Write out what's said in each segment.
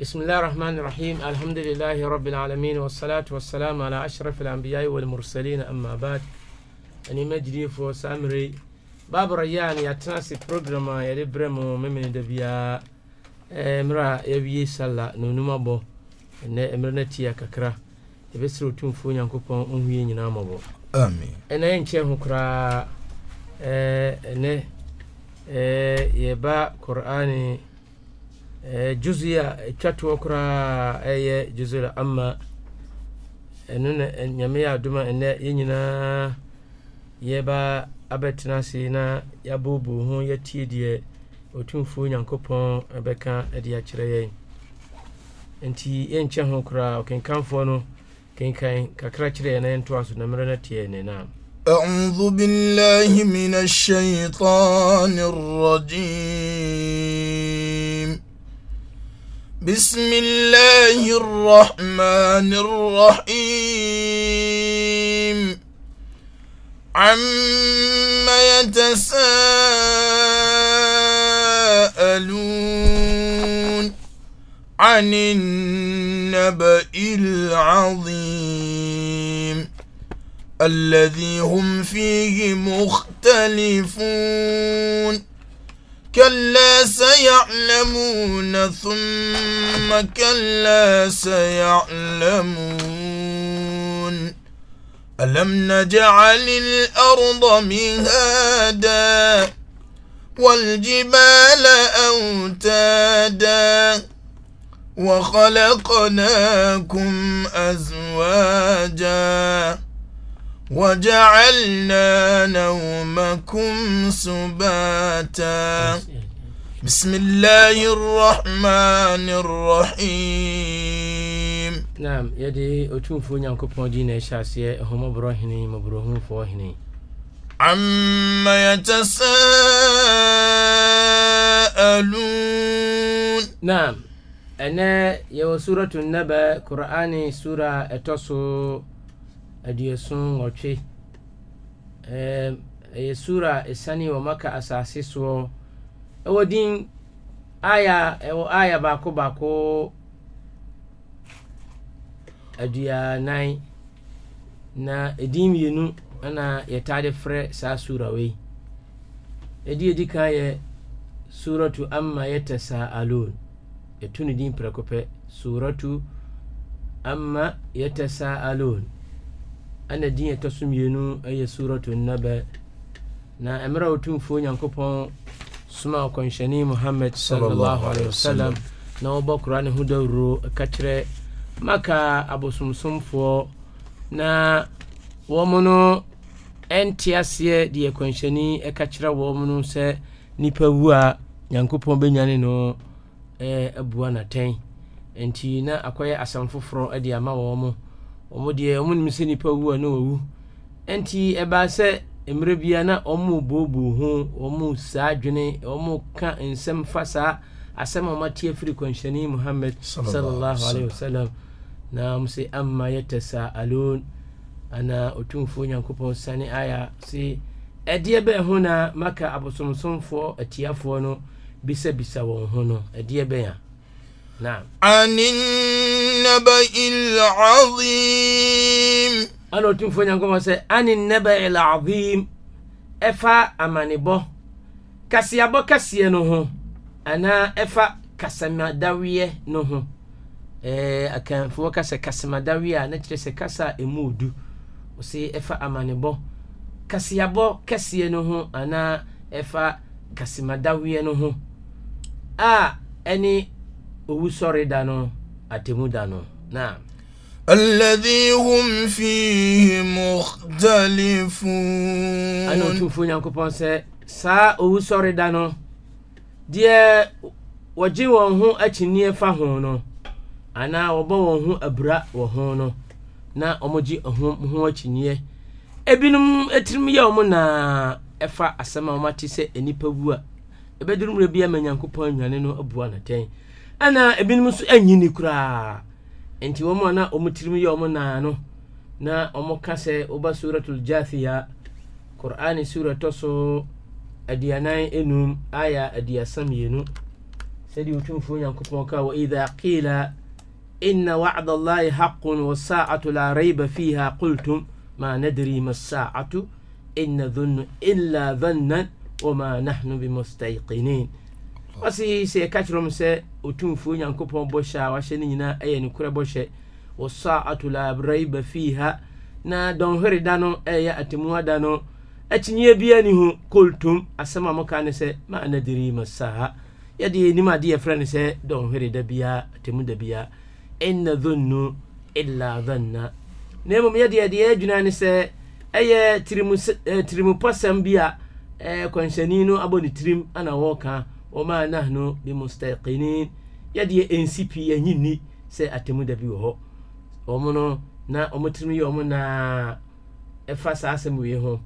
بسم الله الرحمن الرحيم الحمد لله رب العالمين والصلاة والسلام على أشرف الأنبياء والمرسلين أما بعد أني مجري فو سامري باب ريان يتناسي بروغراما يلي برمو ممن دبيا امرا يبي سلا نونما بو امرا نتيا ككرا يبسرو تنفو ɛbɛsrɛ ɔtumfoɔ nyankopɔn ɔhuyɛ nyinaa أمين انا ينشي ho اه اه يبا قرآني juzu a ɛtwa toɔ koraa ɛyɛ juzu la ama ɛno eh, eh, na nyame yɛ adoma ɛnɛ yɛn nyinaa yɛba abɛtena ase na yɛabobo ho yɛtie deɛ ɔtumfuo nyankopɔn ɛbɛka ɛde akyerɛ yɛn nti yɛnkyɛ ho koraa ɔkenkanfoɔ no kenkan kakra kyerɛ yɛn na yɛntoa so na mmerɛ no teɛ ne naam أعوذ بالله من الشيطان الرجيم بسم الله الرحمن الرحيم عم يتساءلون عن النبأ العظيم الذي هم فيه مختلفون كلا سيعلمون ثم كلا سيعلمون ألم نجعل الأرض مهادا والجبال أوتادا وخلقناكم أزواجا وجعلنا نومكم سباتا بسم الله الرحمن الرحيم نعم يدي أتوفو نيانكوبون دينا شاسية هم مبروهني مبروهن فوهني عما يتساءلون نعم أنا يو سورة النبأ قرآني سورة أتوسو aduason ɔtwe ɛyɛ e sura ɛsane e wɔ maka asase soɔ ɛwɔ din aya ɛwɔ e aya baako baako aduanan na ɛdin mmienu ana yɛtade frɛ saa sura wei ɛdi ɛdi kan yɛ suratu amma yatasaalun ɛtu ne din prɛko pɛ suratu amma yatasaalun ɛna din ɛtɔ so mmienu ɛyɛ suratu nnabɛ na mmerɛ a ɔtumfuo nyankopɔn soma ɔkɔnhyɛne muhammad sallallahu alaihi wasallam na wɔbɔ kora ne ho dawuro ɛka kyerɛ maka abosomsomfoɔ na wɔn no ɛnte eh, aseɛ deɛ kɔnhyɛne ɛka kyerɛ wɔn no sɛ nipa wu a nyankopɔn bɛnyane no ɛɛ abua n'atɛn nti na akɔyɛ asɛm foforɔ ɛde ama wɔn mo. ɔmo deɛ ɔmo nim sɛ nipa wu a na wɔwu nti ɛbaa sɛ mmerɛ bia na ɔmo booboo ho ɔmo saa adwene ɔmo ka nsɛm fa saa asɛm a ɔmate afiri kwanhyɛne muhammed sallallahu alaihi wasallam na ɔmo sɛ amma yatasaalun ana ɔtumfoɔ nyankopɔn sane aya se ɛdeɛ bɛn ho na maka abosomsomfoɔ atiafoɔ no bisabisa wɔn ho no ɛdeɛ bɛn نعم عن النبأ العظيم أنا تنفون ينكم عن النبأ العظيم أفا أماني بو كسي أبو كسي نهو أنا أفا kasamadaweɛ no ho ɛɛ akanfoɔ kasa kasamadaweɛ a na kyerɛ sɛ kasa a emu odu ɔsi ɛfa amanebɔ kaseabɔ kɛseɛ no ho anaa ɛfa kasamadaweɛ no ho a ɛne owú sọ̀rọ̀ ìdáná àtẹ̀múdànù náà. الذي هم فيه مختلفون أنا تشوفوا نانكو بانسى سا أو سوري دانو دي وجي وانهو أتنية فهونو hụ وبا وانهو na ɔmo gye ɔho ho akyinyeɛ ebinom na ɛfa asɛm a ɔmo ate sɛ ɛna ebinom nso anyi ni koraa nti wɔn a na wɔn tirim yɛ wɔn nan no na wɔn ka sɛ wɔba suratul jathiya qur'ani sura tɔ so aduanan enum aya aduasa mmienu sɛdeɛ otumfuo nyankopɔn ka wɔ idha qila inna wacda allahi haqun wasaacatu la rayba fiha qultum ma nadri ma saacatu in nadunnu illa dhannan ma nahnu bimustaiqinin ɔse sɛ yɛka kyerɛ m sɛ ɔtumfuo nyankopɔn bɔhyɛ a wahyɛ no nyinaa ɛyɛ nokorɛ bɔhyɛ wɔsaato labraiba fiiha na dɔnhwere da no ɛyɛ atemua da no akyinyeɛ bia ni ho koltom asɛm a moka ne sɛ ma anadiri yɛde nim ade yɛfrɛ no sɛ dɔnhwere da biaa atemu da biaa inna dhunnu illa dhanna na mmom yɛde yɛde yɛadwina ne sɛ ɛyɛ tirimupɔsɛm eh, bi a eh, kwanhyɛni no abɔ ne tirim ana wɔreka wama nahnu bimustaqinin yɛdeɛ ɛnsi pii ɛnyi ni sɛ atemu da bi wɔ hɔ wɔn no na wɔn tirim yɛ wɔn naa ɛfa saa asɛm wei ho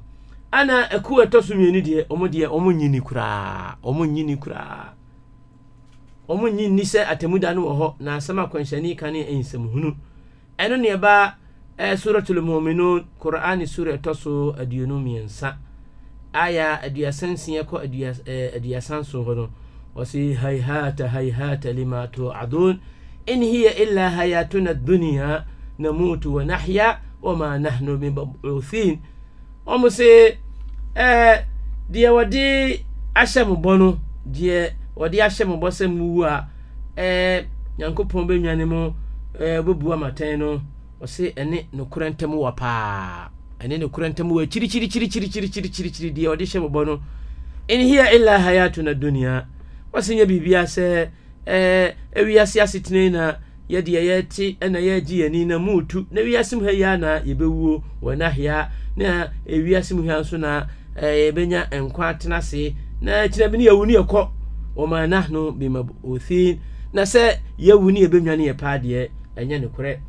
ana akuo ɛtɔ so mmienu deɛ wɔn deɛ wɔn nyi ni koraa wɔn nyi ni koraa wɔn nyi ni sɛ atemu da no wɔ hɔ na asɛm akwanhyɛni ka ne nsɛm hunu ɛno nea ɛba ɛɛ suratul mu'minun qur'an sura ɛtɔ so aduonu mmiɛnsa. aya aduasa nsia kɔ aduasa nson hɔ no wɔsi haihata haihata lima tuadun in hiya illa hayatuna dunia namutu wa nahya wama nahnu bimbabuthin ɔmo se ɛɛ deɛ wɔde ahyɛ mo bɔ no deɛ wɔde ahyɛ mo bɔ sɛ mo wu a ɛɛ nyankopɔn bɛnwa ne mo ɛɛ bɛbua matɛn no wɔsi ɛne nokorɛ ntɛm wɔ paa ene ne wa koranta mu wakyirikyirikyirikyirikyirikyiri deɛ ɔde hyɛ bɔbɔ no in hia illa hayatuna dunia e, e ya nyɛ biribia sɛ awiase asetena na yɛdeɛ yɛte ɛna yɛagye yɛni na e mutu na wiase mu ha na yɛbɛwuo wɔna hea na ewiase mu ha nso na yɛbɛnya nkwa atena ase na kyina bi ne yɛwu ne yɛkɔ wɔma nahno bimabothin na se sɛ yɛwu ne yɛbɛnwa ne yɛpaa deɛ ɛnyɛ kure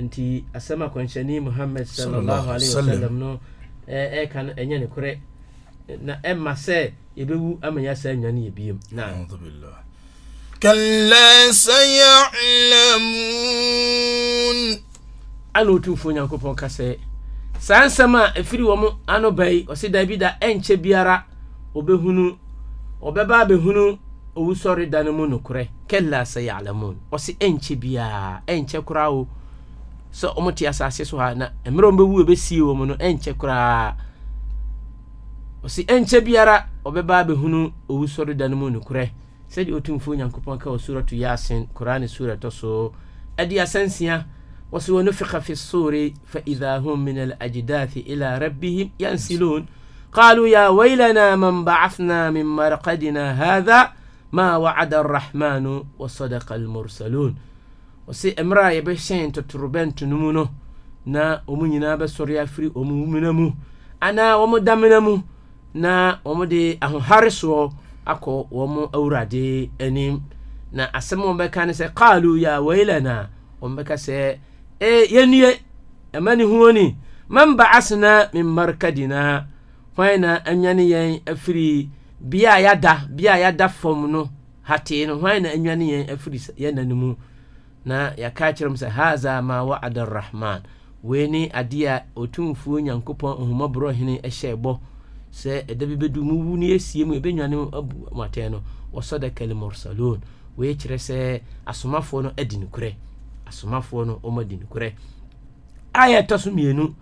nti asɛm akwanhyɛne muhammad sallallahu alaihi wasallam no ɛka no ɛnyɛ ne korɛ na ɛma e, sɛ yɛbɛwu ama yɛ saa nwa no yɛ biam na كلا سيعلمون أنا أتوفو نyanko pon kase saa nsɛm a ɛfiri wɔ mo ano bɛyi ɔsi daabi da ɛnkyɛ biara ɔbɛhunu ɔbɛba abɛhunu owusɔre da no mu nokorɛ kɛla sɛ yɛ ɛnkyɛ biara ɛnkyɛ koraa o sɛ ɔmo te asase so ha na mmerɛ ɔmo bɛwu ɛbɛsie wɔn no ɛnkyɛ koraa ɔsi ɛnkyɛ biara ɔbɛba abɛhunu owu sɔre da no mu nukurɛ sɛdeɛ otumfuo nyankopɔn ka wɔ suratu yasin koraa ne sura ɛtɔ so ɛde asɛnsia wɔsi wɔn nufika fi sori fa idahum min al-ajidathi ila rabbihim yansilun ya يا man من min من مرقدنا هذا ما وعد الرحمن وصدق المرسلون ɔsɛ mmerɛ a yɛbɛhyɛn totorobɛnto no mu no na wɔn nyinaa bɛsɔre afiri wɔn mumina mu anaa wɔn damina mu na wɔn de ahoharesoɔ akɔ wɔn awurade anim na asɛm a wɔbɛka ne sɛ kaalu ya wailana wɔn bɛka sɛ ee yɛnue ɛma ne ho ni man ba asena min markadina hwan na anyane yɛn afiri bia a yɛada bia yɛada fam no hatee no hwan na anyane yɛn afiri yɛn nan na yɛka kyerɛ mu sɛ haza ma wa'ada rahman wei ne adeɛ a ɔtumfuo nyankopɔn ahummɔborɔ hene ɛhyɛ bɔ sɛ ɛda bi bɛdu mu wu ne yɛsie mu yɛbɛnwane abu matɛn no wɔsɔdaka lmursalon wei kyerɛ sɛ asomafoɔ no adi nokorɛ asomafoɔ no ɔma di nokorɛ aya ɛtɔ so mmienu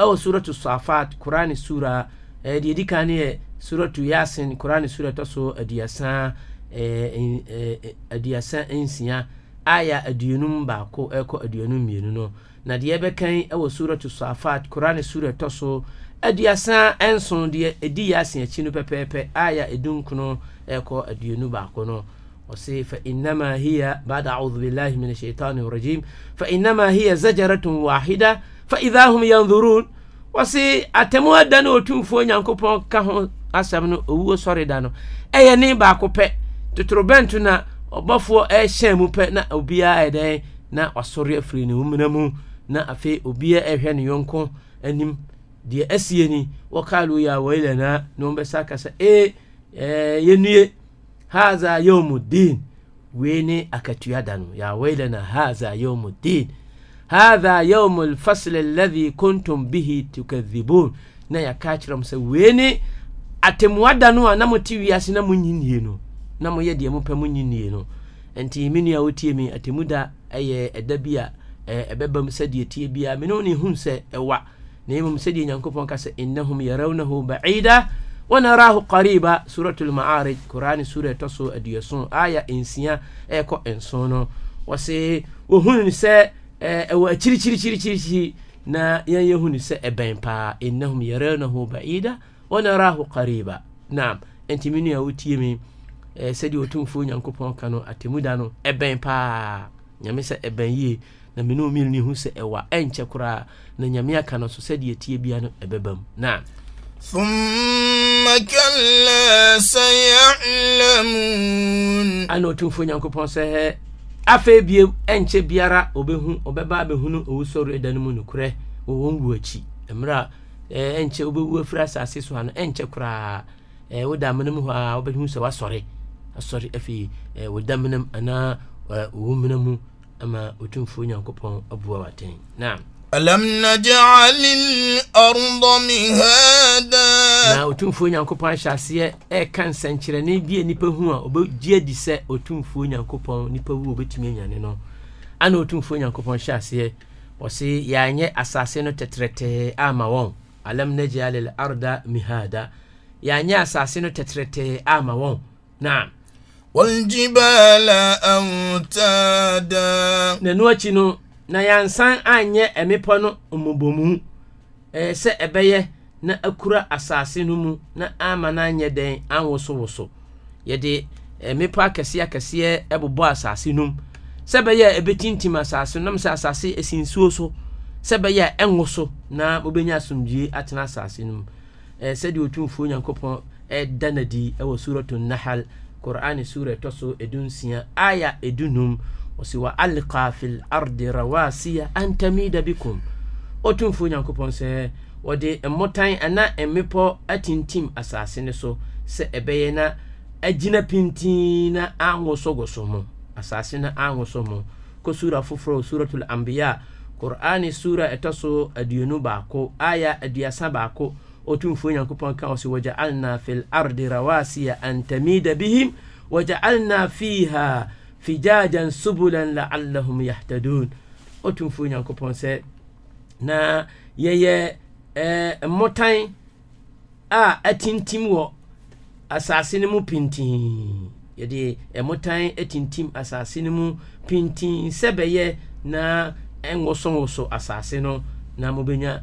ɛwɔ suratu safat korane sura eh, deɛ di ka ne yɛ suratu yasin korane sura ɛtɔ so aduasa eh, eh, aduasa nsia aya aduonum baako ɛkɔ aduonum mmienu no na deɛ ɛbɛkan ɛwɔ suratu safat koraa ne sura tɔ so aduasa nson deɛ ɛdi yɛ ase akyi no pɛpɛɛpɛ aya edunkono ɛkɔ aduonu baako no ɔse fa innama hiya bada audhu billahi min ashaitani rajim fa innama hiya zajaratun wahida fa idha hum yanzurun ɔse atɛmu ada no ɔtumfuo nyankopɔn ka ho asɛm no owuo sɔre da no ɛyɛ ne baako pɛ totorobɛnto na ɔbɔfoɔ ɛhyɛn mu pɛ na obiara ɛdɛn na wasɔre afiri ne wumena mu na afei obiara ɛhwɛ ne yɔnko anim deɛ ɛsie ni wɔkaalo yɛ a wɔyɛ na na wɔn bɛsa kasa ee ɛɛ yɛnue haza yawmu din wei ne akatua da no yɛ a wɔyɛ na haza yawmu din hadha yawmu alfasl alladhi kuntum bihi tukadhibun na yɛka kyerɛ m sɛ wei ne atemmuada no a na mote wiase na monyinie no na moyɛ deɛ mopɛ mo nyinie no nti me nua wotie mi atemu da ɛyɛ ɛda bi a ɛbɛba mu sɛdeɛ tie bia me ne ne hu sɛ ɛwa na mmom sɛdeɛ nyankopɔn ka sɛ innahum yarawnahu baida wa narahu qariba suratul ma'arij qur'an sura ɛtɔ so aduason aya nsia ɛkɔ nson no wɔse wɔhunu sɛ ɛwɔ akyirikyirikyirikyirikyiri na yɛn yɛhunu sɛ ɛbɛn paa innahum yarawnahu baida wa narahu qariba naam ɛnti me nua wotie mi eh, sɛdeɛ ɔtumfuo nyankopɔn ka no atemmuda no ɛbɛn paa nyame sɛ ɛbɛn yie na mene ɔmienu ne hu sɛ ɛwa ɛnkyɛ koraa na nyame aka no so sɛdeɛ tie bia no ɛbɛba mu na ثم كلا سيعلمون أنا أتوفو نيانكو بونسي afei bie ɛnkyɛ biara obɛhu ɔbɛba abɛhunu owusɔre ɛda no mu nokorɛ wɔ wɔn wu akyi mmerɛ a eh, ɛnkyɛ wobɛwu afiri asase so ano ɛnkyɛ koraa eh, woda amena mu hɔ a wobɛhu sɛ woasɔre asɔre afei eh, wɔda menam anaa eh, wɔwu mena mu ama ɔtumfuo nyankopɔn aboa watɛn na alam naj'al al-ardha nyankopɔn ahyɛ aseɛ ɛka nsɛnkyerɛnne bi a nnipa hu a ɔbɛgye adi sɛ ɔtumfuo nyankopɔn nnipa wu ɔbɛtumi anyane no ana ɔtumfuo nyankopɔn hyɛ aseɛ ɔse yɛanyɛ asase no tɛtrɛtɛɛ ama wɔn alam naj'al al-ardha mihada yɛanyɛ asase no tɛtrɛtɛɛ ama wɔn naam waljibala autada n'anu akyi no na yansan anyɛ mmepɔ no mmubomu ɛyɛ sɛ ɛbɛyɛ na akura asase no mu na ama no anyɛ dɛn anwosowoso yɛde eh, mmepɔ akɛseɛ akɛseɛ ɛbobɔ asase no mu sɛ ɛbɛyɛ a ɛbɛtintim asase no nam sɛ asase ɛsi nsuo so sɛ ɛbɛyɛ a ɛnwo na mobɛnya asomdwie atena asase no mu ɛɛ sɛdeɛ otumfuo nyankopɔn ɛda nadi ɛwɔ suratun nahal qur'an sura ɛtɔ so ɛdunsia aya ɛdunum ɔsi wa alqa fil ardi rawasiya an tamida bikum ɔtumfo nyankopɔn sɛ wɔde mmotan ana mmepɔ atintim asase ne so sɛ ɛbɛyɛ na agyina pintin na anwosɔgɔsɔ mu asase na anwosɔ mu kɔ sura foforɔ suratul anbiya qur'ani sura ɛtɔ so aduonu baako aya aduasa baako ɔtumfuo nyankopɔn ka ɔ sɛ wajaalna fi lardi rawasiya antamida bihim wajaalna fiha fijajan subulan laallahum yahtadun ɔtumfuo nyankopɔn sɛ na yɛyɛ eh, mmotan a atintim wɔ asase no mu pintin yɛde mmotan atintim asase no mu pintin sɛ na ɛnwoso asase no na mobɛnya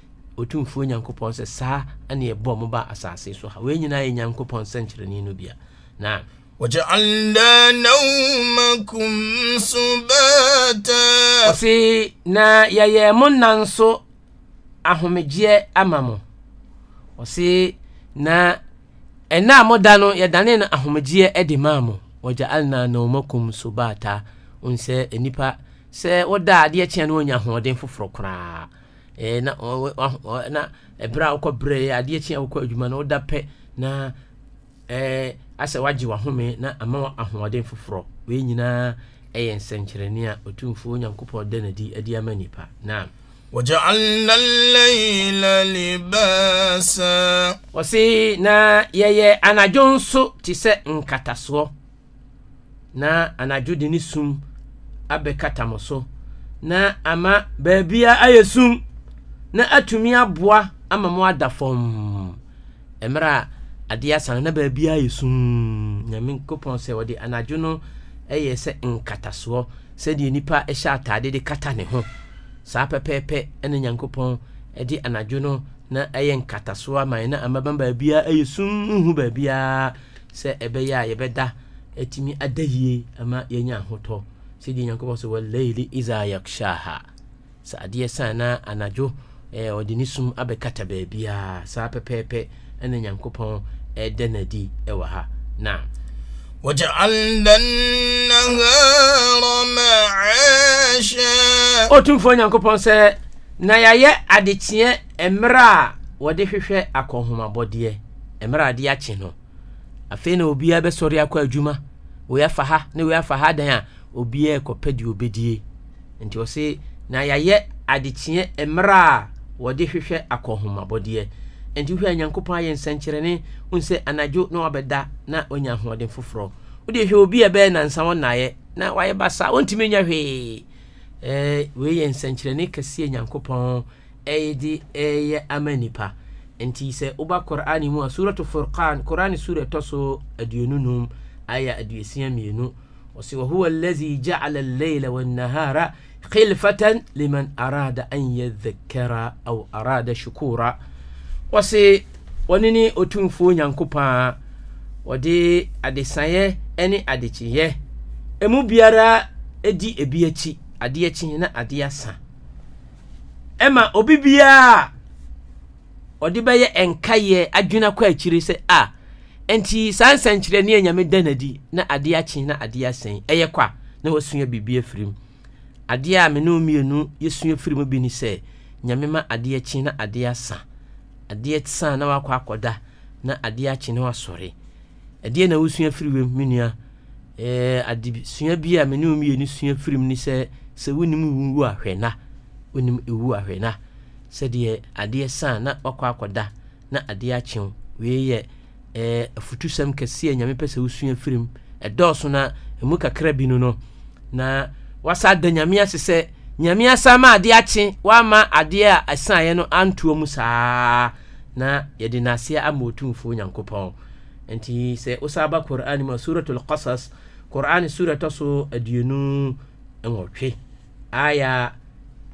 ɔtumfuo nyankopɔn sɛ saa ane ɛbɔ mo ba asase so ha wei nyinaa yɛ nyankopɔn sɛnkyerɛne no bia na ɔse na yɛyɛ mo nanso ahomegyeɛ ama mo ɔse na ɛna a moda no yɛdane no ahomegyeɛ de maa mo wajaalna naumakum subata ɔn sɛ nipa sɛ woda adeɛ kyeɛ no wɔnya hoɔden foforɔ koraa Eh, na ɛberɛ eh, a wokɔ berɛ adeɛ kyi a wokɔ adwuma no pɛ na eh, asɛ wahome na ama ahoɔden foforɔ wei nyinaa ɛyɛ nsɛnkyerɛnne a da adi ama nipa na وجعلنا الليل لباسا وسي نا انا جونسو تسى انكتاسو نا انا جودي نسوم ابي na نا اما بابيا ايسوم na atumi aboa ama mo ada fam mmerɛ a adeɛ asan na baabiaa yɛ sum nyame nkopɔn sɛ wɔde anadwo no ɛyɛ sɛ nkatasoɔ sɛdeɛ nipa ɛhyɛ ataade de kata ne ho saa pɛpɛɛpɛ ɛne nyankopɔn ɛde anadwo no na ɛyɛ nkatasoɔ ama na amaban baabiaa ɛyɛ sum hu baabiaa sɛ ɛbɛyɛ a yɛbɛda atumi ada yie ama yɛnya ahotɔ sɛdeɛ nyankopɔn sɛ walaili isa yakshaha sɛ adeɛ sa na anadwo Eh, ɔde ne sum abɛkata baabiaa saa pɛpɛɛpɛ ɛna nyankopɔn ɛdɛ nadi ɛwɔ ha na وجعلنا النهار معاشا ɔtumfoɔ nyankopɔn sɛ na yɛayɛ adekyeɛ mmerɛ a wɔde hwehwɛ akɔnhomabɔdeɛ mmerɛ ade akye no afei na obiaa bɛsɔre akɔ adwuma wei afa ha na wei afa ha dan a obiaa ɛkɔpɛ deɛ obɛdie nti ɔse na yɛayɛ adekyeɛ mmerɛ a wɔde hwehwɛ akɔhomabɔdeɛ nti hwɛ nyankopɔn ayɛ nsɛnkyerɛne wo sɛ anadwo na wabɛda na wanya ahoɔden foforɔ wode hwɛ obi a ɛbɛyɛ nansa wɔ naeɛ na wayɛ basa wɔntumi nya hwee wei yɛ nsɛnkyerɛne kɛseɛ nyankopɔn ɛyɛ ɛyɛ ama nipa nti sɛ woba qur'ane mu a suratu furqan qur'ane sura ɛtɔ so aduonu num ayɛ aduosia mmienu ɔsɛ wahuwa allazi jaala allaila wannahara khilfatan liman arada an yadhakkara aw arada shukura wɔse wani ne ɔtumfuo nyankopɔn a wɔde adesaeɛ ne adekyeeɛ ɛmu biara di ebi akyi adeɛ akyi na adeɛ asa ɛma obi biara ɔde bɛyɛ nkayɛ adwena kɔ akyiri sɛ a nti saa nsɛnkyerɛnneɛ nyame da na di na adeɛ akyi na adeɛ asɛn ɛyɛ kɔ a na wasua biribi afiri mu adeɛ a me ne mmienu yɛsua firi mu bi ne sɛ nyame ma adeɛ kye na adeɛ asa adeɛ sa na wakɔ akɔda na adeɛ akye na wasɔre ɛdeɛ na wosua firi wɔ me nua ɛɛ eh, adesua bi a me ne mmienu sua firi mu ni sɛ sɛ wonim wu ahwɛ na wonim ewu ahwɛ na sɛdeɛ adeɛ sa na wakɔ akɔda na adeɛ akye wei yɛ ɛɛ eh, afutusɛm kɛseɛ nyame pɛ sɛ wosua firi mu ɛdɔɔso na emu kakra bi no no na. wasa da nyame ase sɛ nyame asa ma ade akye wama adeɛ a asaeɛ no antoɔ mu saa na yɛde naseɛ ama ɔtumfoɔ nyankopɔn nti sɛ wosa ba qur'an mu suratul qasas qur'an sura ɛtɔ so aduonu nwɔtwe aya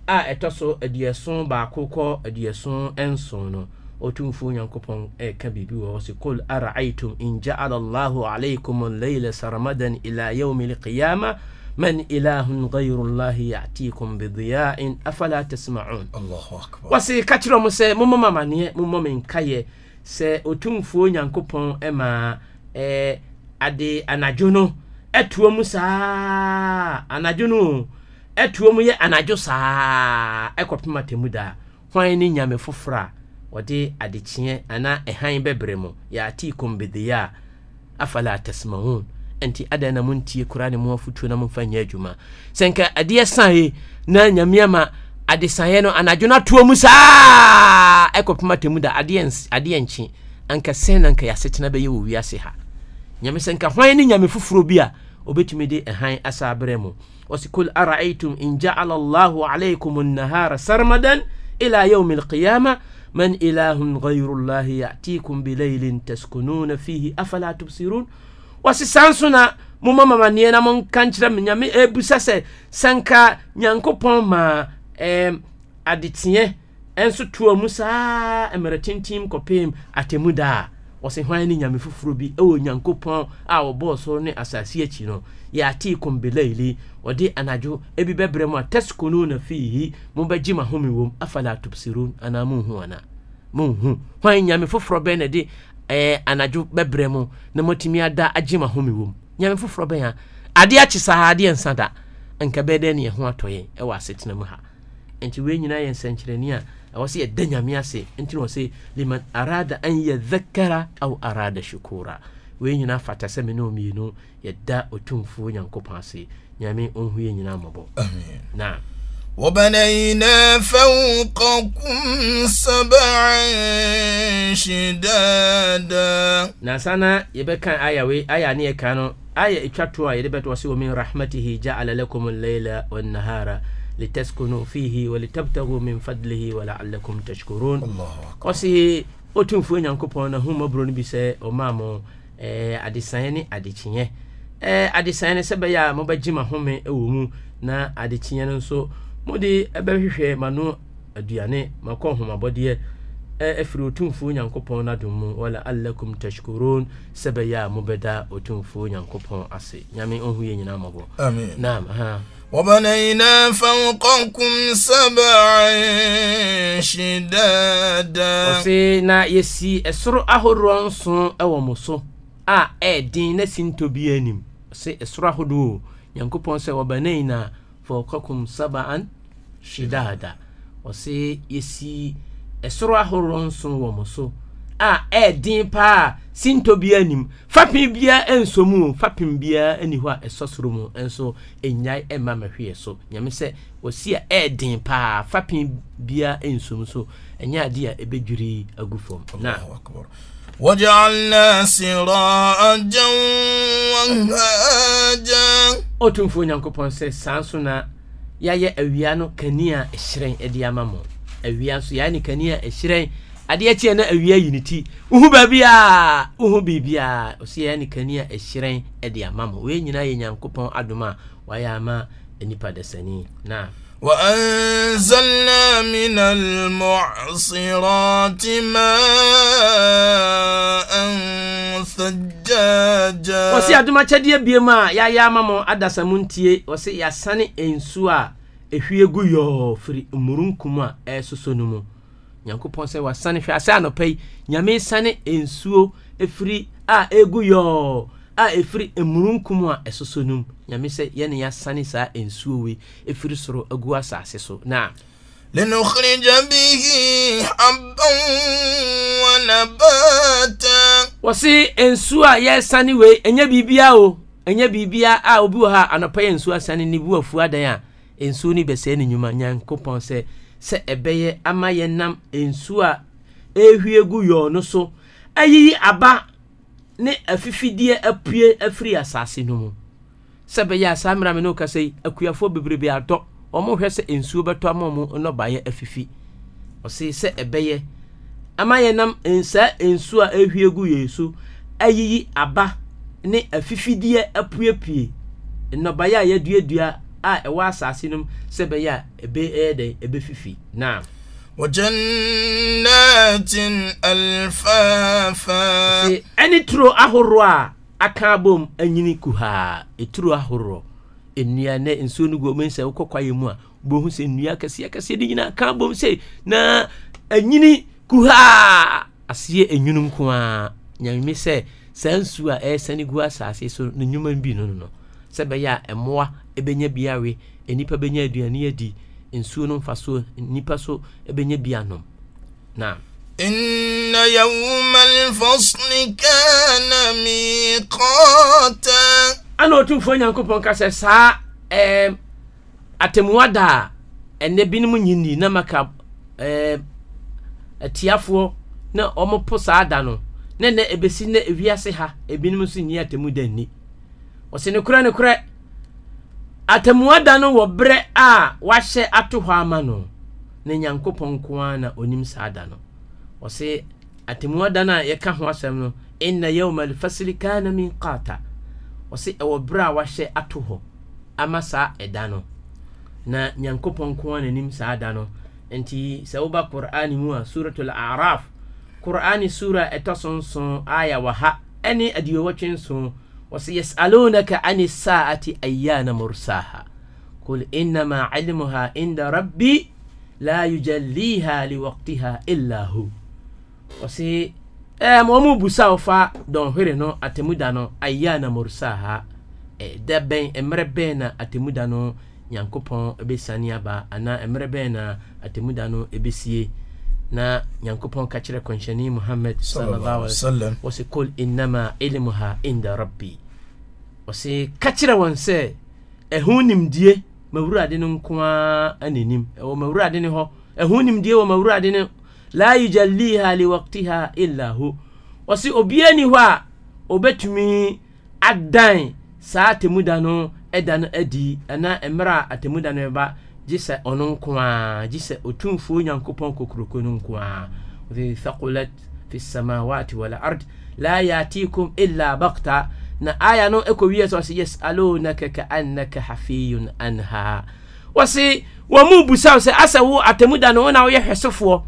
a ɛtɔ so aduason baako kɔ aduason nson no ɔtumfuo nyankopɔn ɛka biribi wɔ hɔ sɛ kul araaitum in jaala allahu alaikum laila saramadan ila yaumi alqiyama man ilahun ghairu llahi yatikum bidiyain afala tasmaun wɔsekatyrɛ mu sɛ mommɔ mamaneɛ momɔ me nkayɛ sɛ ɔtumfuo nyankopɔn ma e, ade anadwo no ɛtoɔ mu saa anadwo no ɛtoɔ mu yɛ anadwo saa ɛkɔpem atemu daa hwan ne nyame foforɔ a wɔde adekyeɛ anaa ɛhan bɛbrɛ mu yɛatikum bidiya afala tasmaun nti adan na montie kora ne mo afotuo na momfa nyɛ adwuma sɛ nka adeɛ sae na nyame ama adesaeɛ no anadwo no atoa mu saa ɛkɔpem atamu da adeɛ nkye anka sɛn na nka yɛasetena bɛyɛ wɔ wiase ha nyame sɛ nka hwan ne nyame foforɔ bi a obɛtumi de ɛhan asa berɛ mu ɔsi kul araaitum in jaala allahu alaikum nnahara sarmadan ila yaumi alqiyama man ilahun ghairu llahi yatikum bilailin taskununa fihi afala tubsirun wɔse saa nso na momma mamanneɛ na monka nkyerɛ me nyame ɛbusa sɛ sɛnka nyankopɔn maa ɛm adeteɛ ɛnso toa mu saa mmerɛ tentim kɔpem atemu da a wɔse hwan ne nyame foforɔ bi ɛwɔ nyankopɔn a wɔbɔɔ soro ne asase akyi no yɛatee kombelaili wɔde anadwo ebi bɛbrɛ mu a tɛskono na fiihi mobɛgye ma home wom afala tubsirun anaa monhu ana monhu hwan nyame foforɔ bɛɛ na de ɛɛ eh, anadwo bɛbrɛ mu na matumi ada agye ma home wom nyame foforɔ bɛn a adeɛ akye saa adeɛ nsa da nka bɛɛ dɛ ne yɛho atɔ yɛn ɛwɔ asetena mu ha nti wei nyinaa yɛ nsɛnkyerɛnne a ɛwɔ sɛ yɛda nyame ase nti na wɔ liman arada an yɛdhakara aw arada shukura wei nyinaa fata sɛ me ne ɔmmienu yɛda ɔtumfuo nyankopɔn ase nyame ɔnhu yɛ nyinaa mmɔbɔ na وبنينا فوقكم سبعا شدادا na sana yɛbɛka aya wei aya ne yɛka no aya ɛtwa to a yɛde bɛto sɛ min rahmatihi jaala lakum allaila wannahara litaskunu fihi walitabtagu min fadlihi walaalakum tashkurun ɔse ɔtumfuo nyankopɔn na homɔborɔ no bi sɛ ɔmaa mo adesaeɛ ne adekyeɛ adesaeɛ no sɛ bɛyɛ a mobɛgye ma home ɛwɔ mu na adekyeɛ no nso mode ɛbɛhwehwɛ eh, mano aduane makɔ homabɔdeɛ eh, ɛfiri ɔtumfuo nyankopɔn no adom mu wala alakum tashkurun sɛ bɛyɛ a mobɛda ɔtumfuo nyankopɔn ase nyame ɔhu yɛ nyinaa mmɔbɔ nam وبنينا فوقكم سبعا شدادا ɔse na yɛsi ɛsoro ahoroɔ nso ɛwɔ mo so a ɛɛden na si ntɔ bi anim ɔse ɛsoro ahodoɔ nyankopɔn sɛ wɔbanaina fɔkɔkum sabaan hwɛ daada ɔsɛ yɛsi ɛsoro ahoroɔ nson wɔ mo so a ɛɛden paa sinto biara nim fapem biara nso mu fapem biara ani hɔ a ɛsɔ soro mu nso nnyae mma mɛhweɛ so nyame sɛ wɔsi a ɛɛden paa fapem biara nso mu so ɛnyɛ ade a ɛbɛdwiri agu fam na وجعلنا سراجا وهاجا ɔtumfoɔ nyankopɔn sɛ saa yɛayɛ awia no kanea hyerɛn de ama mo awia nso yɛa ne kanea hyerɛn adeɛ kyeɛ na awia yi ne ti wohu a wohu a ɔsɛ yɛa ne kanea hyerɛn de ama mo wei nyinaa yɛ nyankopɔn adom a wayɛ ama nipa dasani na وأنزلنا من المعصرات ماء ثجاجا wɔsi adumakyɛdeɛ bie mu a yɛayɛ ama mo adasamu ntie wɔsi yɛasane nsuo a ehwie gu yɔɔ firi mmurunkum a ɛsoso no mu nyankopɔn sɛ wasane hwɛ asɛ anɔpɛ yi nyame sane nsuo efiri a egu yɔɔ a ɛfiri mmurunkum a ɛsoso no mu nyame sɛ yɛne yɛasane saa nsuo wei ɛfiri soro agu asase so na لنخرج به حبا ونباتا wɔse nsuo a yɛsane wei ɛnyɛ biribia o ɛnyɛ biribia a obi wɔ ha anɔpa yɛ nsuo asane ne bi wɔ afuo a nsuo no bɛsɛe ne nnwuma nyankopɔn sɛ sɛ ɛbɛyɛ ama yɛnam nsuo a ɛhwie gu yɔɔ no so ayiyi aba ne afifideɛ apue afiri asase no mu sɛ bɛyɛ a saa mmerɛ me ne wokasa yi akuafoɔ bebrebe atɔ ɔmohwɛ sɛ nsuo bɛtɔ ama mu nnɔbaeɛ afifi ɔse sɛ ɛbɛyɛ ama yɛnam e, saa nsuo a ɛhwie gu yɛn so ayiyi aba ne afifideɛ apuepue nnɔbaeɛ a yɛduadua a ɛwɔ asase no mu sɛ bɛyɛ a ɛbɛyɛ dɛn ɛbɛfifi naa wajannatin alfafa ɛne turo ahoroɔ a aka bom anyini kuhaa ɛturo e ahoroɔ nnuane nsuo no guom sɛ wokɔ kwaeɛ mu a wobɛhu sɛ nnua akɛseɛ akɛseɛ de nyinaa ka bom sɛ na anyini kuhaa aseɛ anwunu nko a nyameme sɛ saa nsuo a ɛresɛne gu asase so no nnwuma bi no no no sɛ ɛbɛyɛ a ɛmmoa ɛbɛnya biawe nnipa bɛnya aduane adi nsuo no mfasoɔ nnipa so bɛnya bi anom na إن يوم الفصل كان ميقاتا أنا أتم فوين ينكو بونكا سا أتموا دا ɛnɛ binom nyini na maka atiafoɔ na ɔmopo saa da no na nɛ ɛbɛsi na ewiase ha ebinom nso nyi atemu da nni ɔsɛ nokorɛ atammuada no wɔ berɛ a wahyɛ ato hɔ ama no ne nyankopɔn nko ara na onim saa da no ɔse atammuada no a yɛka ho asɛm no inna yauma alfasili kana miqata ɔse ɛwɔ berɛ a wahyɛ ato hɔ ama saa ɛda no na nyankopɔn nko ara nanim saa da no nti sɛ woba qur'ane mu a surat alaraf qur'ane sura ɛtɔ so nson aya wɔ ha ɛne adiwɔwɔtwe nson wɔsɛ yasalunaka ani saati ayana mursaha kul innama ilmuha inda rabbi la yujalliha liwaktiha illa hu wɔse eh, ma ɔmu busa wo fa dɔnhwere no atemuda no ayana mursaha eh, da bɛn mmerɛ bɛn na atemuda no nyankopɔn bɛsane aba anaa mmerɛ bɛn na atemuda no bɛsie na nyankopɔn ka kyerɛ kɔnhyɛne muhammad sallam wɔse kol innama ilmuha inda rabbi wɔse ka kyerɛ wɔn sɛ ɛho nimdie mawurade no nko a ananim ɛwɔ mawurade ne hɔ ɛho nimdie wɔ mawurade no la yujalliha liwaktiha illa hu wɔse obia ni hɔ a obɛtumi adan saa atemuda no ɛda no adi ɛna mmerɛ a atemuda no ɛba gye sɛ ɔno nko a gye sɛ ɔtumfuo nyankopɔn kokuroko no nko a ɔde thakulat fi samawati walard la yatikum illa bakta na aya no ɛkɔ wie sɛ ɔse yasalunaka ka annaka hafiyun anha wɔse wɔn mu busa sɛ asɛ wo atemu da no wɔn a wɔyɛ hwɛsofoɔ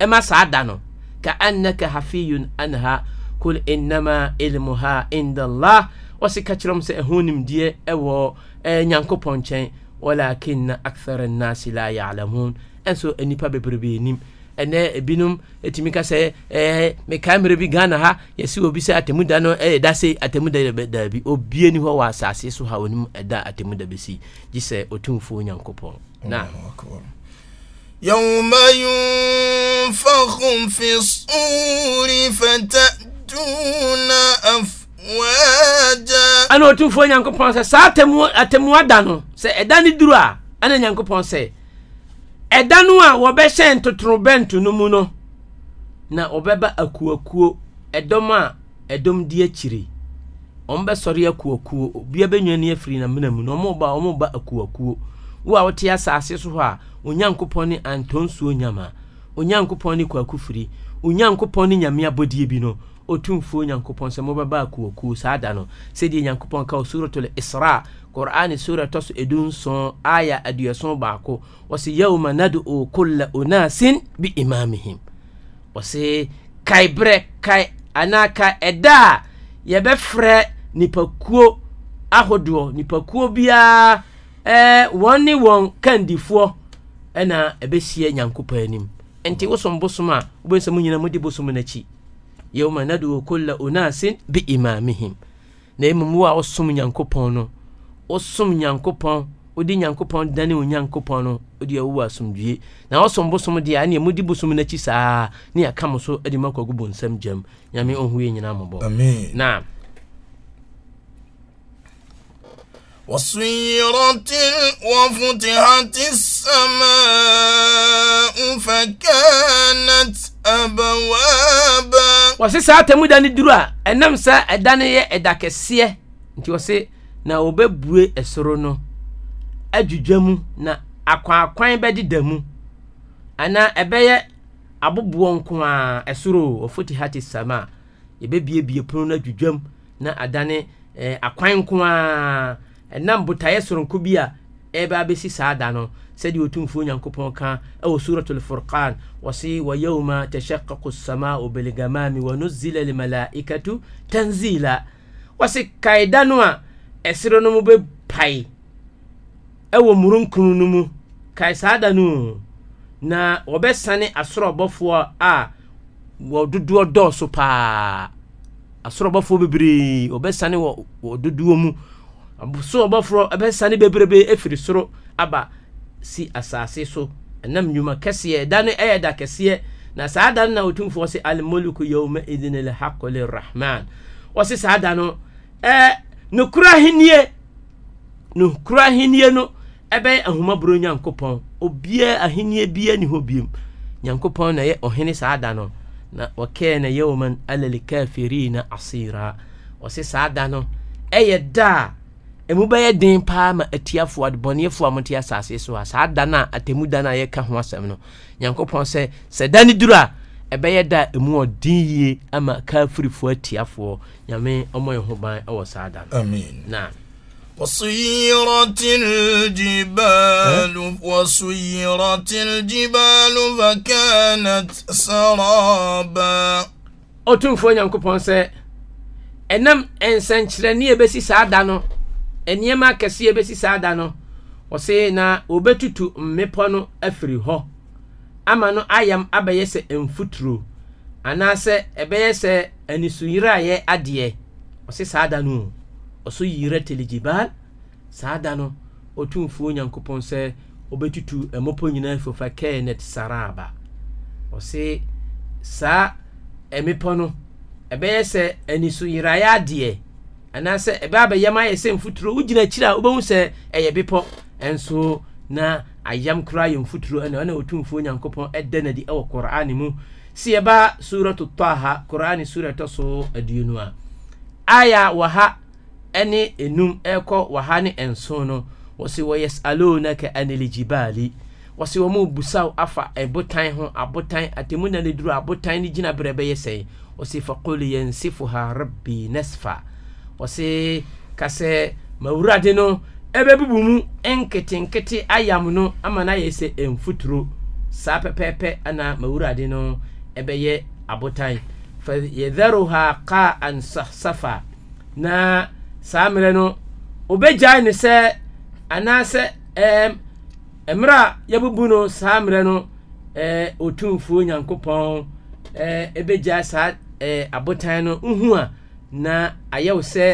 ɛma saa da no ka annaka hafiyun anha kul innama ilmuha inda allah wɔse ka kyerɛm sɛ ɛho nimdeɛ ɛwɔ ɛɛ nyankopɔn nkyɛn ولكن أكثر الناس لا يعلمون أن سو أني بابي بربي نيم أنا بينم تيمي كاسة إيه مكامر بي غانا ها يسوع بيسا أتمودا نو إيه داسي أتمودا دا بي أو بيني هو واساس يسوع هو نيم دا أتمودا بيسي جيسة أتوم فوني أنكوبون نعم يوم ينفخ في الصور فتأتون أفضل ana ɔtumfoɔ nyankopɔn sɛ saa atemmuwa da no sɛ ɛda no duru a ana nyankopɔn sɛ ɛda a wɔbɛhyɛn ntotorobɛnto no mu no na wɔbɛba akuakuo ɛdɔm a ɛdɔm di akyire wɔn bɛsɔre akuakuo obia bɛnwa ni afiri na mena mu na wɔn ba wɔn ba akuakuo wo a wɔte asase so hɔ a onyankopɔn ne antonsuo nyama onyankopɔn ne onyankopɔn ne nyame abɔdeɛ bi no otumfuo nyankopɔn sɛ mobɛba akuokuo saa da no sɛdeɛ nyankopɔn ka suratul isra qur'an sura tɔ so edunson aya aduason baako wɔsi yauma nad'u kulla unasin bi imamihim wɔsi kae berɛ kae anaa ka ɛda a yɛbɛfrɛ nipakuo ahodoɔ nipakuo biara ɛɛ wɔn ne wɔn kandifoɔ ɛna ɛbɛhyia nyankopɔn anim nti wosom bosom a wobɛsɛ mu nyina mode bosom no yawma nad'u kulla unasin bi imamihim na mmom wo a wosom nyankopɔn no wosom nyankopɔn wode nyankopɔn dane wo nyankopɔn no wode awowo asomdwie na wosom bosom deɛ ani mudi bosom no akyi saa ne yɛka mo so ade ma kwagu jam gyam nyame ɔhu nyina mbo mmɔbɔ na وسيرت وفتحت السماء فكانت abawaba wɔse saa atamu da no duru a ɛnam sa ɛda no yɛ ɛda kɛseɛ nti wɔse na wɔbɛbue ɛsoro no adwudwa mu na akwaakwan bɛdeda mu anaa ɛbɛyɛ aboboɔ nko a ɛsoro ɔfoti hati sama a yɛbɛbiebie pono no adwudwam na adane eh, akwan nko a ɛnam botaeɛ soronko bi a ɛbɛ abɛsi saa da no sɛdeɛ ɔtumfuo nyankopɔn ka ɛwɔ suratul furqan wɔse wa yauma tashaqaqu samau bilgamami wa nuzila lmalaikatu tanzila wɔse kaeda no a ɛsere no mu bɛpae ɛwɔ mmurunkunu no mu kae saa da no na wɔbɛsane asorɔbɔfoɔ a wɔdodoɔ dɔɔso paa asorɔbɔfoɔ bebree wɔbɛsane wɔ dodoɔ mu asorɔbɔfoɔ ɛbɛsane bebrebe ɛfiri soro aba si asase so ɛnam nnwuma kɛseɛ da no ɛyɛ da kɛseɛ na saa da no na ɔtumfoɔ sɛ almulku yauma idin lhaqu lirahman ɔse saa da no eh, nokura ahennie nokura ahennie no ɛbɛyɛ ahomaboro nyankopɔn obiaa ahennie biaa ne hɔ biom nyankopɔn na ɛyɛ ɔhene saa da no na na yauman ala lkafirina asira ɔse saa da no ɛyɛ da ɛmu bɛyɛ den paa ma etia adebɔneɛfoɔ a mote asase so a saa da no a atemu dana no a yɛka ho asɛm no nyankopɔn sɛ sɛ da no a ɛbɛyɛ da ɛmu din yie ama kafirifoɔ atiafoɔ nyame ɔmɔ yɛ ho ban ɛwɔ saa da no وسيرت الجبال وسيرت الجبال فكانت سرابا ɔtumfoɔ nyankopɔn sɛ ɛnam nsɛnkyerɛnneɛ bɛsi saa da no nneɛma kɛseɛ bɛsi saa da no ɔse na wɔbɛtutu mmepɔ no afiri hɔ ama no ayam abɛyɛ sɛ mfuturo anaasɛ ɛbɛyɛ sɛ anisuyerayɛ adeɛ ɔse saa da no ɔso yira teligibal saa da no ɔtumfuo nyankopɔn sɛ ɔbɛtutu mmepɔ nyinaa afiri fa kɛnet saraba ɔse saa mmepɔ no ɛbɛyɛ sɛ anisuyerayɛ adeɛ anaasɛ ɛbɛ abɛyɛ ma ayɛ sɛ mfuturo wogyina akyiri a wobɛhu sɛ ɛyɛ bepɔ ɛnso na ayam koraa yɛ mfuturo ɛna ɔna ɔtumfuo nyankopɔn ɛda no ɛwɔ korane mu si yɛba suratu taha korane sura ɛtɔ so aduonu a aya waha ɛne enum ɛkɔ waha ne ɛnson no wɔsi wɔyɛsalonaka aniligibaali wɔsi wɔn busaw afa ɛbotan ho abotan atemu na ne duro abotan ne gyina berɛ bɛyɛ sɛn wɔsi fakoli yɛnsifuha rabbi nasfa ɔse kasɛ mawurade no ɛbɛbubu mu nketenkete ayam no ama no ayɛ sɛ ɛmfuturo saa pɛpɛɛpɛ ana mawurade no ɛbɛyɛ abotan fayadharuha qaan safa na saa mmerɛ no obɛgyae ne sɛ anaasɛ ɛm mmerɛ a yɛbubu no saa mmerɛ no ɔtumfuo nyankopɔn ɛbɛgyae saa abotan no nhu a na a yau sɛ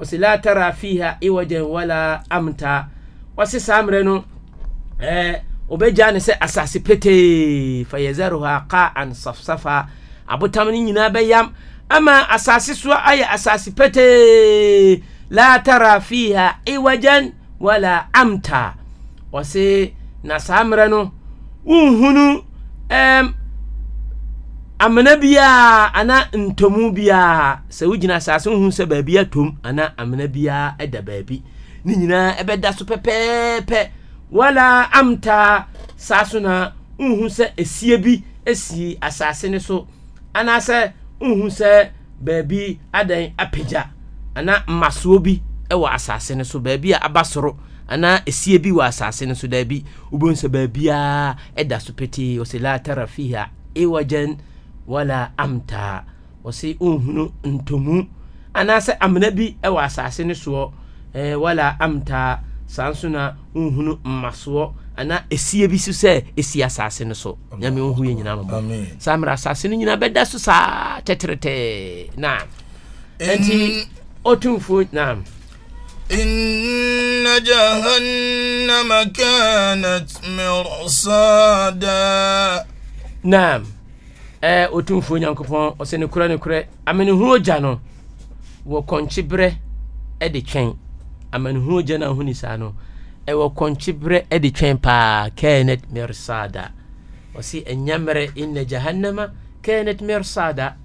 ɔsi la tara fiha iwajan wala amta wɔsi saa mmerɛ no ɛɛ ɔbɛgya ne sɛ asase petee fa ka qa'an safsafa abotam no nyinaa bɛyam ama asase so ayɛ asase petee la tara fiha iwajan wala amta ɔsi na saa mmerɛ no nhunu um, amena biya ana ntomu biaa sɛ sa se wohu sɛ baabi atom ana amena biya ɛda baabi ne nyinaa ɛbɛda so pɛpɛɛpɛ wala amta sa so na nhu sɛ esie bi esi asase ne so ana sɛ nhu sɛ baabi adan apagya ana mmasoɔ bi ɛwɔ asase ne so baabi a aba soro ana esie bi wɔ asase ne so daabi wobɛhu sɛ baabiaa ɛda so petee ɔsɛ la tara fiha iwajan wala amtaa ɔse ɔnhunu ntomu anaasɛ amena bi ɛwɔ asase no soɔ eh, wala amtaa saa nso na ɔnhunu mmasoɔ ana esie bi so sɛ esi asase no so nyame ɔhu yɛ nyinaa mɔbɔ saa mmerɛ asase no nyina bɛda so saa tɛtɛrɛtɛɛ na ɛnti ɔtumfuo naam إن جهنم كانت مرصادا نعم ɛɛ otumfuo nyankopɔn ɔsɛ nokorɛ nokorɛ amanehunu ogya no wɔ kɔnkye berɛ de twɛn amanehunu ogya no ahoni saa no ɛwɔ kɔnkye berɛ de twɛn paa kanet mersada ɔse ɛnya mmerɛ inna jahannama kanet mersada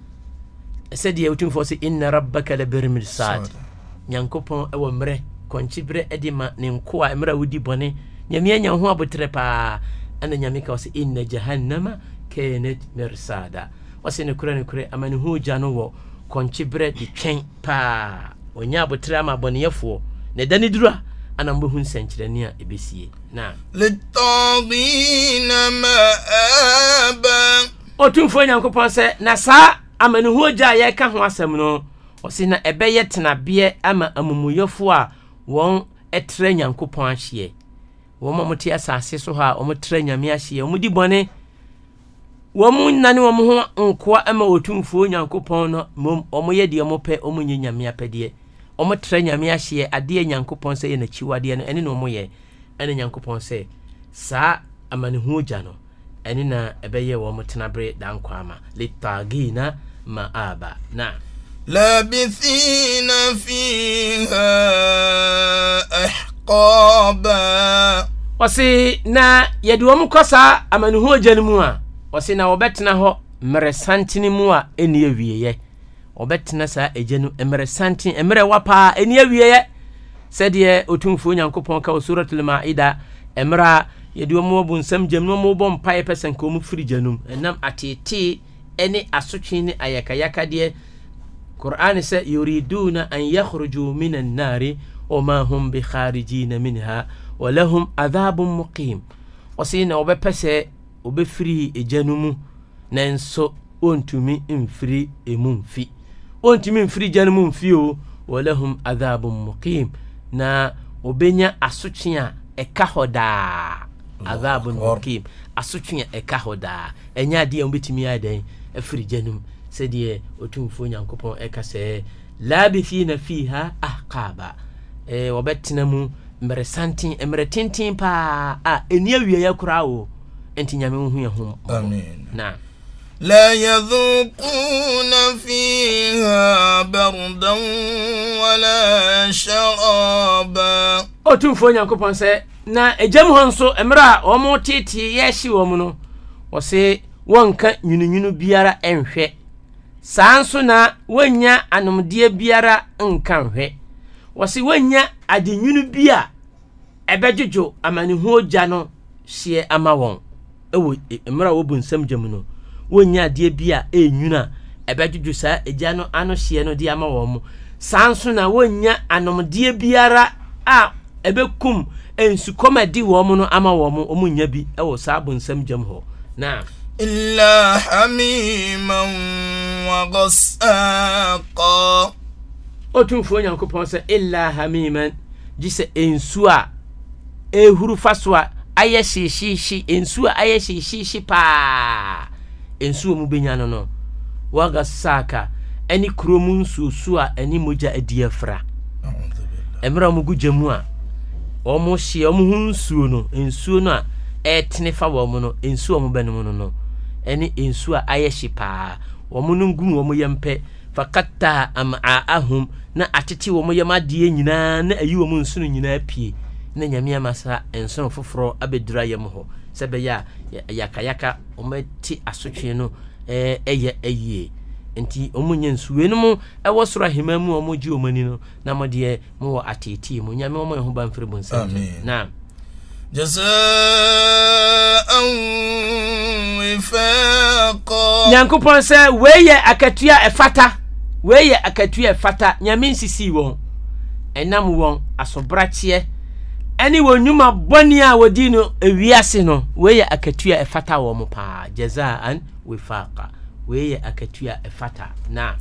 sɛdeɛ otumfoɔ sɛ inna rabbaka la birmirsad nyankopɔn ɛwɔ mmerɛ kɔnkye berɛ de ma ne nkoa mmerɛ a wodi bɔne nyame anya ho paa ɛna nyame ka inna jahannama kenneth mersada ɔsɛ ne korɛ ne korɛ amanehu gya no wɔ kɔnkyeberɛ de twɛn paa ɔnya abotire ama abɔneyɛfoɔ na ɛda ne duru a ana mbɛhu nsɛnkyerɛnne a ɛbɛsie na ɔtumfoɔ nyankopɔn sɛ na saa amanehu gya a yɛreka ho asɛm no ɔse na ɛbɛyɛ tenabeɛ ama amumuyɛfoɔ a wɔn ɛtrɛ nyankopɔn ahyeɛ wɔn a wɔte asase so hɔ a wɔtrɛ nyame ahyeɛ wɔdi bɔne wɔn nane wɔn ho nkoa ma otumfuo nyankopɔn no mmom wɔn yɛ deɛ wɔn pɛ wɔn nyɛ nyame apɛdeɛ wɔn trɛ nyame ahyeɛ adeɛ nyankopɔn sɛ yɛ n'akyiwadeɛ no ɛne na wɔn yɛ ɛne nyankopɔn sɛ saa amanehu gya no ɛne na ɛbɛyɛ wɔn tenabere dankwa ama litagina maaba na. labithina fiha na فيها أحقابا وسي نا يدوم كسا أمن هو جنموا ɔsi na wɔbɛtena hɔ mmerɛsantene mu a ɛni awieɛ wɔbɛtena saa agya no mmerɛsantene mmerɛ wa paa ɛni awieɛ sɛdeɛ otumfuo nyankopɔn ka wɔ suratul maida mmerɛ a yɛde wɔn wɔbɔ nsɛm gyam na wɔn bɔ mpaeɛ pɛ sɛ nka wɔn firi gya nom ɛnam atetee ɛne asotwe ne ayakayakadeɛ qur'an sɛ yuriduna an yakhruju min annari wama hum bikharijina minha walahum adhabun muqim ɔsi na wɔbɛpɛ sɛ ɔbɛfiri egya no mu nanso ɔntumi mfiri emu mfi ɔntumi mfiri gya no mu mfi o wɔlahum adhabun muqim na ɔbɛnya asotwe a ɛka hɔ daa adhabun muqim asotwe a ɛka hɔ daa ɛnyɛ adeɛ a wɔbɛtumi ayɛ afiri gya no mu sɛdeɛ ɔtumfuo nyankopɔn ɛka sɛ labithina fiha ahqaba eh, wɔbɛtena mu mmerɛsanten mmerɛ tenten paa a ɛni awieɛ koraa o ɛnti nyame wohu yɛ ho na لا يذوقون فيها بردا ولا شرابا ɔtumfoɔ nyankopɔn sɛ na agyam hɔ nso mmerɛ a wɔmo tetee yɛhye wɔ mu no wɔse wɔnka nwunuwunu biara ɛnhwɛ saa nso na wɔnnya anomdeɛ biara nka nhwɛ wɔse wɔnnya adenwunu bi a ɛbɛdwodwo amanehuo gya no hyeɛ ama wɔn ɛwɔ e, mmerɛ a wɔbu nsɛm gya mu no wɔnya adeɛ bi a ɛnwuna ɛbɛdwodwo saa agya no ano hyeɛ no de ama wɔn mo saa nso na wɔnya anomdeɛ biara a ɛbɛkum nsukɔm a ɛdi wɔn no ama wɔn mo wɔn nya bi ɛwɔ saa bu nsɛm gya mu hɔ naa. إلا حميما وغساقا ɔtumfuo nyankopɔn sɛ illa hamiman gye sɛ ɛnsu a ɛhuru fa so a ayɛ hyehyeehye nsuo ayɛ hyehyeehye paa nsuo mu bɛnya no no waga saka ɛne kurom nsuosuo a ɛne mogya adi afra mmerɛ a ɔmogu gya mu a ɔmo hyeɛ ɔmo ho nsuo no nsuo no a ɛtene fa wɔ mo no nsuo ɔmo bɛnom no no ɛne nsuo a ayɛ hye paa ɔmo no ngu ɔmo yɛ mpɛ fakata amaahum na atete wɔn yam adeɛ nyinaa na ayi wɔn nsu no nyinaa pie ne nyame ama sa nsono foforɔ abɛdura yɛ m hɔ sɛ bɛyɛ a yakayaka ɔmati asotwe no ɛyɛ ayie nti ɔmu nyɛ nsu no mu ɛwɔ soro ahema mu ɔmu gye ani no na mo deɛ mo wɔ ateetee mu nyame ɔmo yɛ ho ban firi mu nsa nkyɛn nyankopɔn sɛ wei yɛ akatua ɛfata wei yɛ akatua ɛfata nyame nsisii wɔn ɛnam wɔn asobrakyeɛ ɛne wɔ nnwuma bɔne a wɔdi no ewiase no wɔyɛ akatua ɛfata wɔn mo paa jazaan wifaqa wɔyɛ akatua ɛfata na.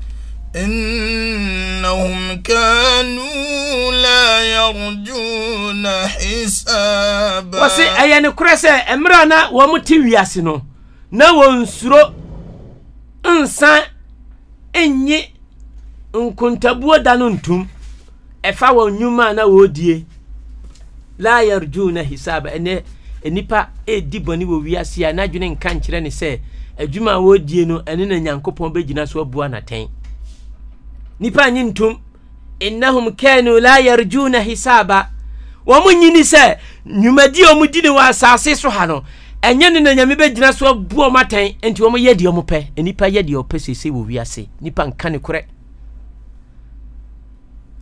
إنهم كانوا لا يرجون حسابا wɔsi ɛyɛ ne korɛ sɛ mmerɛ na wɔn ti wiase no na wɔn nsuro nsan nnye nkontabuo da no na wɔredie la yarjuna hisaba ɛnɛ nipa edi bɔne wɔ wiase a n'adwene nka nkyerɛ ne sɛ adwuma a wɔredie no ɛne na nyankopɔn bɛgyina so abua n'atɛn nipa nye ntom innahum kanu la yarjuna hisaba wɔn mo nyini sɛ nnwumadie a wɔn di ne wɔ asase so ha no ɛnyɛ ne na nyame bɛgyina so abu wɔn atɛn nti wɔn yɛ deɛ wɔn pɛ nipa yɛ deɛ ɔpɛ sese wɔ wiase nipa nka ne korɛ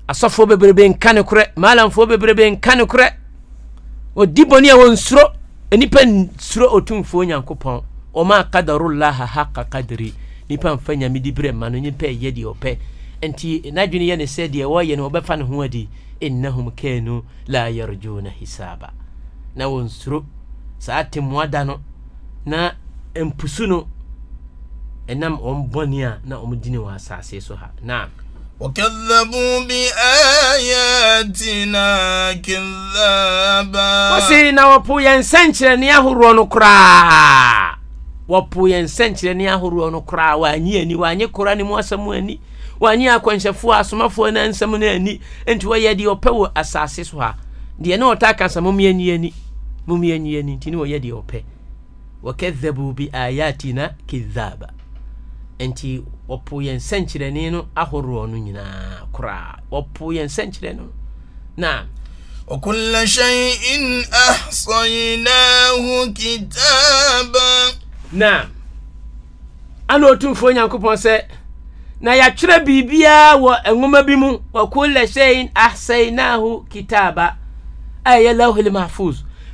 asɔfoɔ bebrebe nka ne korɛ maalamfoɔ bebrebe nka ne korɛ wɔdi bɔne a wɔnsuro nnipa nsuro ɔtumfuo nyankopɔn ɔma kadarullaha haka kadri nipa mfa nyame di berɛ ma no nnipa ɛyɛ deɛ ɔpɛ nti n'adwene yɛ ne sɛ deɛ wɔyɛ no wɔbɛfa ne ho adi innahum kanu la yarjuna hisaba na wɔnsuro saa temmoada no na mpusu no ɛnam ɔmbɔne a na ɔmdine wɔ asase so ha naam wakadhabu biayatina kidhaba wɔse na wɔpo yɛn nsɛnkyerɛnne ahoroɔ no koraa wɔpo yɛn nsɛnkyerɛnne ahoroɔ no koraa wɔanye ani wɔanye kora ne mu asɛm ani wɔanye akwanhyɛfoɔ asomafoɔ no ansɛm no ani nti wɔyɛ deɛ ɔpɛ wɔ asase so ha deɛ ne ɔta ka sɛ momyɛnyi ani momyɛnyi ani nti ne wɔyɛ deɛ ɔpɛ wakadhabu biayatina kidhaba enti wɔpo yɛn nsɛnkyerɛnne no ahoroɔ no nyinaa koraa wɔpo yɛn nsɛnkyerɛ no na وكل شيء أحصيناه كتابا نعم أنا أتوفى نيانكوبون سي na yɛatwerɛ biribiaa wɔ nwoma bi mu wa kulla shyin ahsainahu kitaba a ɛyɛ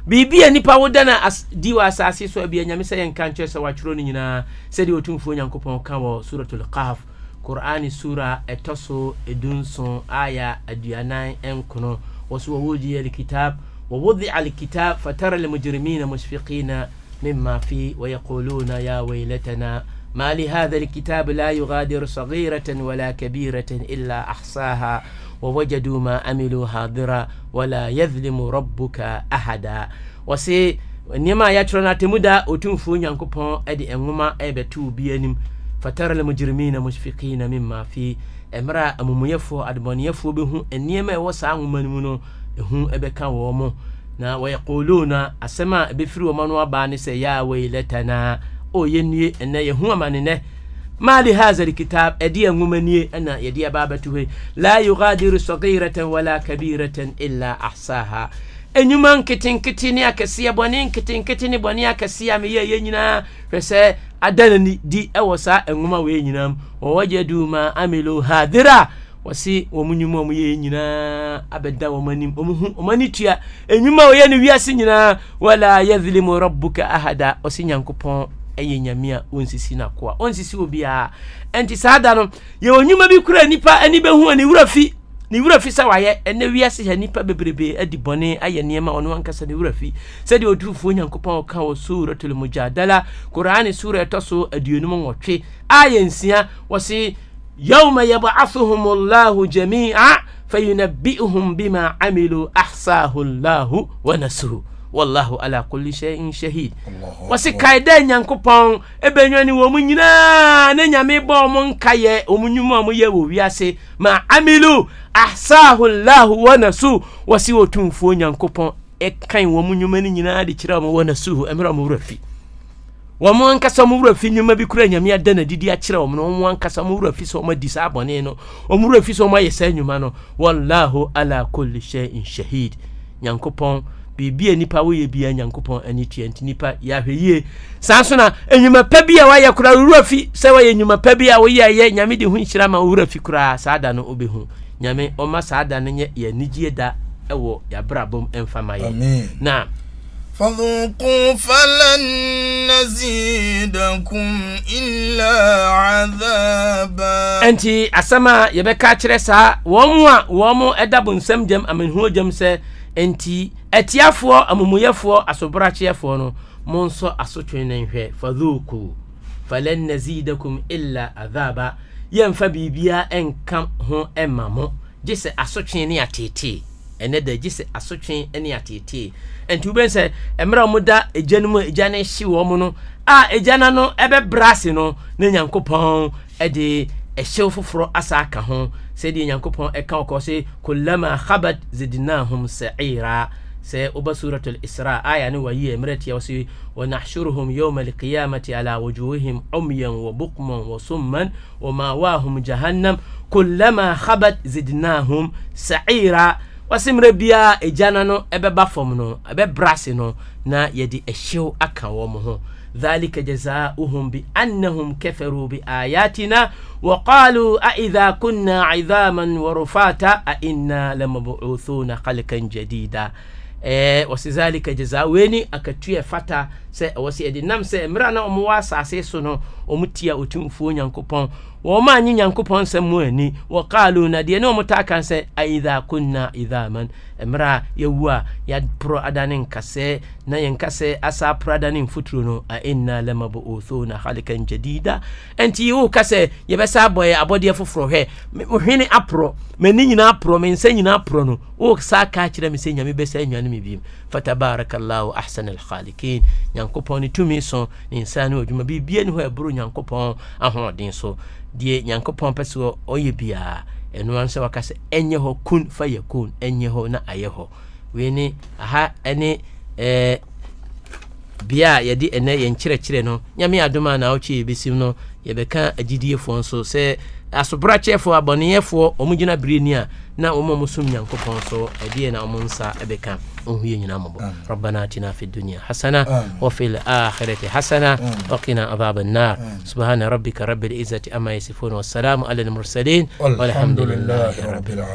biribi a nipa woda na di wɔ asase so abia nyame sɛ yɛnka nkyerɛ sɛ wɔatwerɛ no nyinaa sɛdeɛ ɔtumfuo nyankopɔn ka wɔ suratul lkaf qur'ani sura ɛtɔ so ɛdunson aya aduanan ɛnkono wɔ so wɔwɔdi alkitab ووضع الكتاب فترى المجرمين مشفقين مما فيه ويقولون ya ويلتنا ما لهذا الكتاب la yugadiru صغيرة wala kabiratan إلا ahsaha wawajadu ma amilu hadira wala yadhlimu rabbuka ahada wɔse nneɛma a yɛatwerɛ no atemu da ɔtumfuo nyankopɔn de nwoma ɛbɛto bi anim fatara lmugirimina musfikina mima fi ɛmerɛ a amumuyɛfoɔ adebɔneyɛfoɔ bɛhu nneɛma ɛwɔ saa nwoma no mu no ɛhu ɛbɛka wɔ mo na wɔyɛkolona asɛm a ɛbɛfiri wɔ ma no abaa ne sɛ yaa wailatana o ɛnɛ yɛhu amane mali hadha kitab ɛdeɛ nwoma nie ɛna yɛde ɛba abɛto la yugadiru sagiratan wala kabiratan illa ahsaha ɛnwuma nketenkete ne akɛseɛ bɔne nketenkete ne bɔne akɛseɛ a meyɛ yɛ nyina hwɛ adana ni di ɛwɔ enguma we nyina nyinam wɔwɔgyadu ma amilu hadira wasi wɔn nnwuma mu yɛ nyinaa abɛda wa anim wɔn ho wɔn ani tua ɛnwuma wiase nyina wala yadhlimu rabbuka ahada ɔse ɛyɛ nyame a ɔnsisi nakoa ɔnsisi obiara ɛnti saa da no yɛwɔ nnwuma bi kura nnipa ani bɛhu a ne wura fi ne wura fi sɛ wayɛ ɛnɛ wiase hɛ nipa bebrebe adi bɔne ayɛ nneɛma ɔno ankasa ne wura fi sɛdeɛ ɔdurufoɔ nyankopɔn ɔka wɔ suratul mujadala korane sura ɛtɔ so aduonum nwɔtwe ayɛ nsia wɔse yauma yab'athuhum allahu jami'a fayunabbi'uhum bima amilu ahsahu allahu wa nasuhu wallahu ala kulli shay'in shahid wɔsi kaeda nyankopɔn ebenwani wɔn mu nyinaa ne nyame bɔ wɔn nkayɛ wɔn nnwuma wɔn yɛ wiase ma amilu ahsahullahu wa nasu wɔsi otumfuo nyankopɔn ɛkan wɔn nnwuma no nyinaa de kyerɛ wɔn wa nasuhu ɛmɛrɛ wɔn wura fi wɔn ankasa wɔn wura fi bi kura nyame ada na didi akyerɛ wɔn na wɔn ankasa wɔn wura fi sɛ wɔn adi no wɔn wura fi sɛ wɔn ayɛ no wallahu ala kulli shay'in shahid nyankopɔn biribia a nipa woyɛ bia nyankopɔn ani tua nti nipa yɛahwɛ yie saa nso na nnwuma pa bi a woayɛ kora wowura fi sɛ woyɛ nnwuma pa bi a woyɛɛyɛ nyame de ho nhyira ma wowura fi koraa saa da no wobɛhu nyame ɔma saa da no yɛ yɛanigyie da ɛwɔ yɛabrabɔm ma yɛ na فذوقوا فلن نزيدكم إلا عذابا أنتي أسمع يبقى كاترسا ومو ومو أدب سمجم أمن هو جمسة أنتي atiafoɔ amumuyɛfoɔ asobrakyeɛfoɔ no mo nso asotwe no nhwɛ fadhuku falan nazidakum illa adhaba yɛmfa biribiaa ɛnka ho ɛma mo gye sɛ asotwe ne atetee ɛnɛ da gye sɛ asotwe ne atetee ɛnti wobɛn sɛ mmerɛ a moda agya no mu a agya no hye wɔ mu no a agya no no ɛbɛbrɛ ase no na nyankopɔn ɛde ɛhyew foforɔ asa aka ho sɛdeɛ nyankopɔn ɛka wɔkɔ sɛ kulama habat zidnahum saira sɛ woba suratul isra aya ne wayie mmerɛ tiɛ wɔ se wanahshuruhum yawma alqiyamati ala wujuhihim umyan wa bukman wa summan wa mawahum jahannam kullama khabat zidnahum sa'ira wɔse mmerɛ biaa ɛgyana no ɛbɛba fam no ɛbɛbrase no na yɛde ɛhyew aka wɔ mo ho ذلك جزاؤهم بأنهم كفروا بآياتنا وقالوا أئذا كنا عظاما ورفاتا أئنا لمبعوثون خلقا جديدا e, eh, wasidhalika jazaweni akatuye fata sɛ ɛwɔ sɛ ɛde nam sɛ mmerɛ na ɔmowɔ asase so no ɔmo tia otumfuo nyankopɔn wɔma nye nyankopɔn nsɛm mu ani wɔkaalo na ne ɔmota kan sɛ aidha kunna idhaman mmerɛ a yɛwu a yɛporɔ adane nkasɛɛ na yɛnkasɛ asa porɔ adane mfoturo no a lamabuuthuna halikan jadida ɛnti woka sɛ yɛbɛsa abɔ abɔdeɛ foforɔ hwɛ hwene aporɔ m'ani nyinaa porɔ me nsa nyinaa porɔ no wosa ka kyerɛ me sɛ nyame bɛsa nwane me biom fatabarakallahu ahsana alkhalikin nyankopɔn ne tumi so ne nsa ne adwuma biribia ne hɔ ɛboro nyankopɔn ahoɔden so deɛ nyankopɔn pɛ sɛ ɔyɛ biaa ɛno ano sɛ waka sɛ ɛnyɛ hɔ kun fa yɛ kun ɛnyɛ hɔ na ayɛ hɔ wei ne aha ɛne ɛɛ eh, bia a yɛde ɛnɛ yɛn kyerɛkyerɛ no nyame adom a na wotwe yɛbɛsim no yɛbɛka agyidiefoɔ nso sɛ asobrakyeɛfoɔ abɔneyɛfoɔ ɔmo gyina berɛ ni a na wɔn a wɔsom nyankopɔn so ɛdeɛ na wɔn nsa bɛka ɔhu yɛ nyinaa mmɔbɔ ربنا آتنا في الدنيا حسنة وفي الآخرة حسنة وقنا عذاب النار سبحان ربك رب العزة أما يصفون والسلام على المرسلين والحمد لله رب العالمين